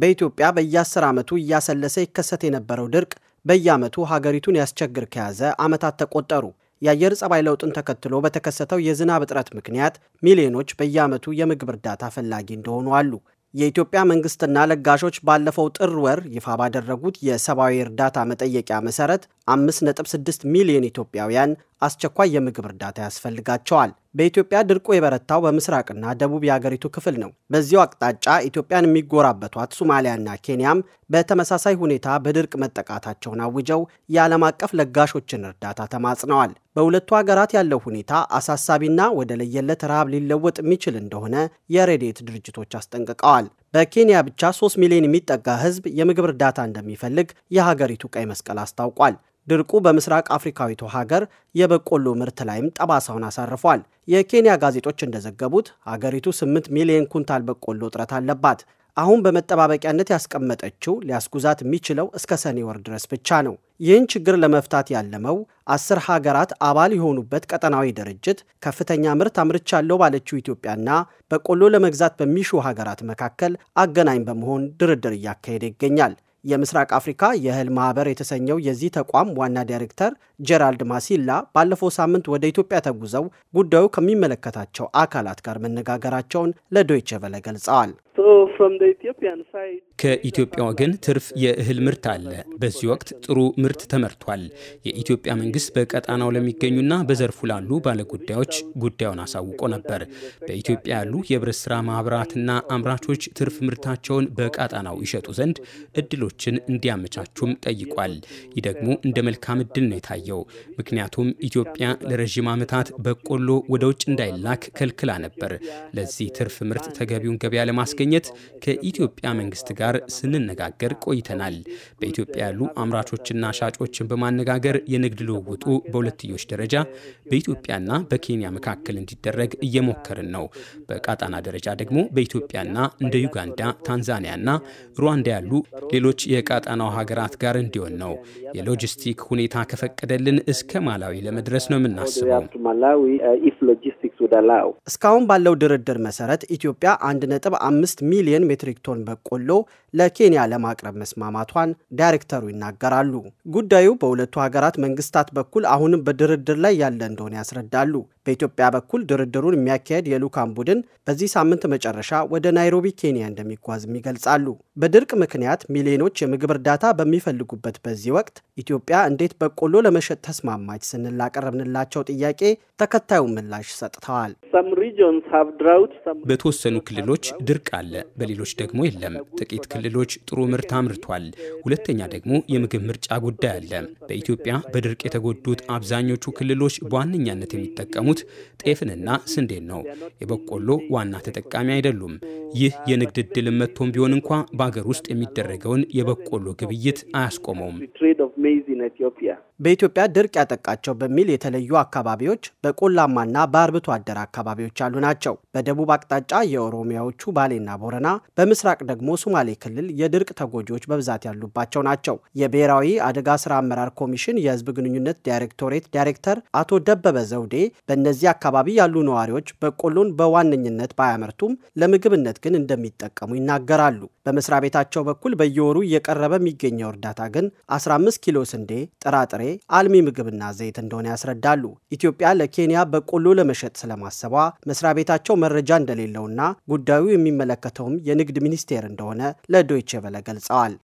በኢትዮጵያ በየአስር ዓመቱ እያሰለሰ ይከሰት የነበረው ድርቅ በየዓመቱ ሀገሪቱን ያስቸግር ከያዘ ዓመታት ተቆጠሩ። የአየር ጸባይ ለውጥን ተከትሎ በተከሰተው የዝናብ እጥረት ምክንያት ሚሊዮኖች በየዓመቱ የምግብ እርዳታ ፈላጊ እንደሆኑ አሉ። የኢትዮጵያ መንግስትና ለጋሾች ባለፈው ጥር ወር ይፋ ባደረጉት የሰብአዊ እርዳታ መጠየቂያ መሰረት 5.6 ሚሊዮን ኢትዮጵያውያን አስቸኳይ የምግብ እርዳታ ያስፈልጋቸዋል። በኢትዮጵያ ድርቁ የበረታው በምስራቅና ደቡብ የአገሪቱ ክፍል ነው። በዚሁ አቅጣጫ ኢትዮጵያን የሚጎራበቷት ሶማሊያና ኬንያም በተመሳሳይ ሁኔታ በድርቅ መጠቃታቸውን አውጀው የዓለም አቀፍ ለጋሾችን እርዳታ ተማጽነዋል። በሁለቱ ሀገራት ያለው ሁኔታ አሳሳቢና ወደ ለየለት ረሃብ ሊለወጥ የሚችል እንደሆነ የረድኤት ድርጅቶች አስጠንቅቀዋል። በኬንያ ብቻ 3 ሚሊዮን የሚጠጋ ሕዝብ የምግብ እርዳታ እንደሚፈልግ የሀገሪቱ ቀይ መስቀል አስታውቋል። ድርቁ በምስራቅ አፍሪካዊቱ ሀገር የበቆሎ ምርት ላይም ጠባሳውን አሳርፏል። የኬንያ ጋዜጦች እንደዘገቡት አገሪቱ 8 ሚሊዮን ኩንታል በቆሎ እጥረት አለባት። አሁን በመጠባበቂያነት ያስቀመጠችው ሊያስጉዛት የሚችለው እስከ ሰኔ ወር ድረስ ብቻ ነው። ይህን ችግር ለመፍታት ያለመው አስር ሀገራት አባል የሆኑበት ቀጠናዊ ድርጅት ከፍተኛ ምርት አምርቻለሁ ባለችው ኢትዮጵያና በቆሎ ለመግዛት በሚሹ ሀገራት መካከል አገናኝ በመሆን ድርድር እያካሄደ ይገኛል። የምስራቅ አፍሪካ የእህል ማህበር የተሰኘው የዚህ ተቋም ዋና ዳይሬክተር ጀራልድ ማሲላ ባለፈው ሳምንት ወደ ኢትዮጵያ ተጉዘው ጉዳዩ ከሚመለከታቸው አካላት ጋር መነጋገራቸውን ለዶይቸ ቨለ ገልጸዋል። ከኢትዮጵያ ወገን ትርፍ የእህል ምርት አለ። በዚህ ወቅት ጥሩ ምርት ተመርቷል። የኢትዮጵያ መንግስት በቀጣናው ለሚገኙና በዘርፉ ላሉ ባለጉዳዮች ጉዳዩን አሳውቆ ነበር። በኢትዮጵያ ያሉ የብረት ስራ ማህበራትና አምራቾች ትርፍ ምርታቸውን በቀጣናው ይሸጡ ዘንድ እድሎችን እንዲያመቻቹም ጠይቋል። ይህ ደግሞ እንደ መልካም እድል ነው የታየው። ምክንያቱም ኢትዮጵያ ለረዥም ዓመታት በቆሎ ወደ ውጭ እንዳይላክ ከልክላ ነበር። ለዚህ ትርፍ ምርት ተገቢውን ገበያ ለማስገኘት ከኢትዮጵያ መንግስት ጋር ጋር ስንነጋገር ቆይተናል። በኢትዮጵያ ያሉ አምራቾችና ሻጮችን በማነጋገር የንግድ ልውውጡ በሁለትዮሽ ደረጃ በኢትዮጵያና በኬንያ መካከል እንዲደረግ እየሞከርን ነው። በቃጣና ደረጃ ደግሞ በኢትዮጵያና እንደ ዩጋንዳ፣ ታንዛኒያና ሩዋንዳ ያሉ ሌሎች የቃጣናው ሀገራት ጋር እንዲሆን ነው። የሎጂስቲክ ሁኔታ ከፈቀደልን እስከ ማላዊ ለመድረስ ነው የምናስበው። እስካሁን ባለው ድርድር መሰረት ኢትዮጵያ 1.5 ሚሊዮን ሜትሪክ ቶን በቆሎ ለኬንያ ለማቅረብ መስማማቷን ዳይሬክተሩ ይናገራሉ። ጉዳዩ በሁለቱ ሀገራት መንግስታት በኩል አሁንም በድርድር ላይ ያለ እንደሆነ ያስረዳሉ። በኢትዮጵያ በኩል ድርድሩን የሚያካሄድ የልዑካን ቡድን በዚህ ሳምንት መጨረሻ ወደ ናይሮቢ ኬንያ እንደሚጓዝም ይገልጻሉ። በድርቅ ምክንያት ሚሊዮኖች የምግብ እርዳታ በሚፈልጉበት በዚህ ወቅት ኢትዮጵያ እንዴት በቆሎ ለመሸጥ ተስማማች ስንላቀረብንላቸው ጥያቄ ተከታዩን ምላሽ ሰጥተዋል። በተወሰኑ ክልሎች ድርቅ አለ፣ በሌሎች ደግሞ የለም። ጥቂት ክልሎች ጥሩ ምርት አምርቷል። ሁለተኛ ደግሞ የምግብ ምርጫ ጉዳይ አለ። በኢትዮጵያ በድርቅ የተጎዱት አብዛኞቹ ክልሎች በዋነኛነት የሚጠቀሙት ጤፍንና ስንዴን ነው። የበቆሎ ዋና ተጠቃሚ አይደሉም። ይህ የንግድ ዕድል መጥቶም ቢሆን እንኳ በአገር ውስጥ የሚደረገውን የበቆሎ ግብይት አያስቆመውም። በኢትዮጵያ ድርቅ ያጠቃቸው በሚል የተለዩ አካባቢዎች በቆላማና በአርብቶ አደር አካባቢዎች ያሉ ናቸው። በደቡብ አቅጣጫ የኦሮሚያዎቹ ባሌና ቦረና፣ በምስራቅ ደግሞ ሶማሌ ክልል የድርቅ ተጎጂዎች በብዛት ያሉባቸው ናቸው። የብሔራዊ አደጋ ስራ አመራር ኮሚሽን የህዝብ ግንኙነት ዳይሬክቶሬት ዳይሬክተር አቶ ደበበ ዘውዴ በእነዚህ አካባቢ ያሉ ነዋሪዎች በቆሎን በዋነኝነት ባያመርቱም ለምግብነት ግን እንደሚጠቀሙ ይናገራሉ። በመስሪያ ቤታቸው በኩል በየወሩ እየቀረበ የሚገኘው እርዳታ ግን 15 ኪሎ ስንዴ፣ ጥራጥሬ፣ አልሚ ምግብና ዘይት እንደሆነ ያስረዳሉ። ኢትዮጵያ ለኬንያ በቆሎ ለመሸጥ ስለማሰቧ መስሪያ ቤታቸው መረጃ እንደሌለውና ጉዳዩ የሚመለከተውም የንግድ ሚኒስቴር እንደሆነ ለዶይቼ ቬለ ገልጸዋል።